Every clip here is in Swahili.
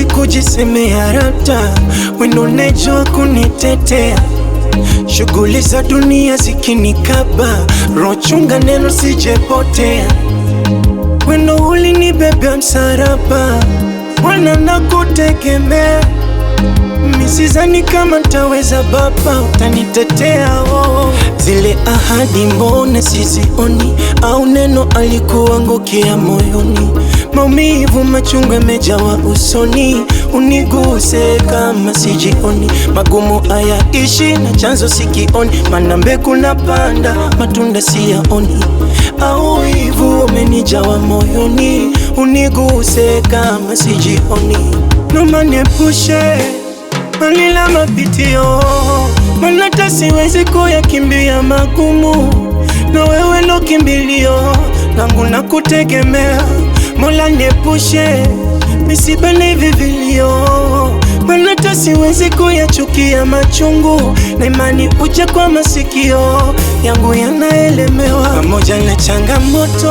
sikujisemea rata wendo unajua kunitetea, shughuli za dunia zikinikaba, roho chunga neno sijepotea, wendo ulinibebea msaraba Bwana nakutegemea Misizani kama taweza baba, utanitetea oh. Zile ahadi mbona sizioni, au neno alikuangukia moyoni, maumivu machungu yamejawa usoni, uniguse kama sijioni, magumu hayaishi na chanzo sikioni, mana mbegu napanda matunda siyaoni, au wivu umenijawa moyoni, uniguse kama sijioni, nomaniepushe bali la mapitio, maana hata siwezi kuyakimbia magumu, na wewe ndo kimbilio langu na kutegemea. Mola niepushe nisibane hivi vilio, maana hata siwezi kuyachukia machungu, na imani uja kwa masikio yangu yanaelemewa, pamoja na changamoto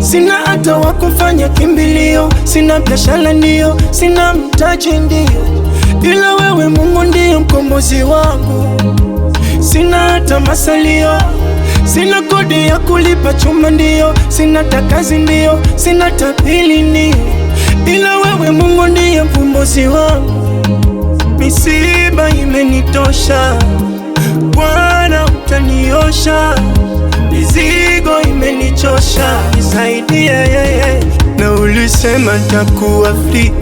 Sina hata wa kufanya kimbilio, sina biashara ndio, sina mtaji ndio, ila wewe Mungu ndiye mkombozi wangu. Sina hata masalio, sina kodi ya kulipa chuma ndio, sina takazi ndio, sina tapili ndio, ila wewe Mungu ndiye mkombozi wangu. Misiba imenitosha, Bwana utaniosha, mizigo imenichosha unisaidie yeah. Na ulisema nitakuwa free,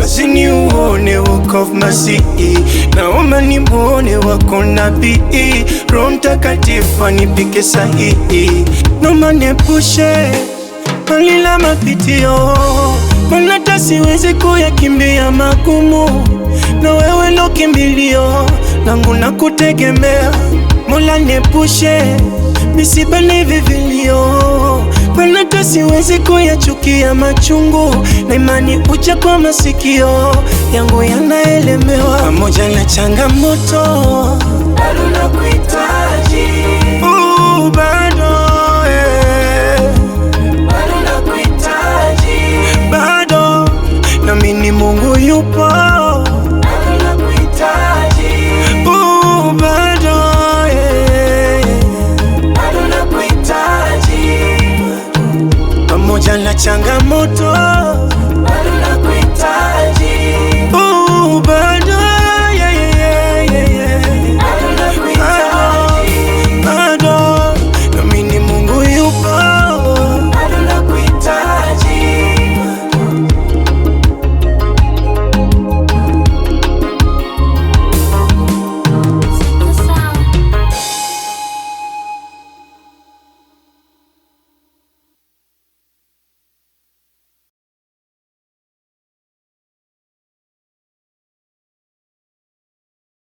basi ni uone wokovu of masihi, naomba ni mwone wako nabii, Roho Mtakatifu anipike sahihi, naomba niepushe hali la mapitio, maana hata siwezi kuyakimbia magumu, na wewe ndo kimbilio langu na kutegemea, Mola niepushe misibani vivilio wala hata siwezi kuyachukia machungu na imani uja kwa masikio yangu yanaelemewa, pamoja na changamoto bado nakuita 像个木头。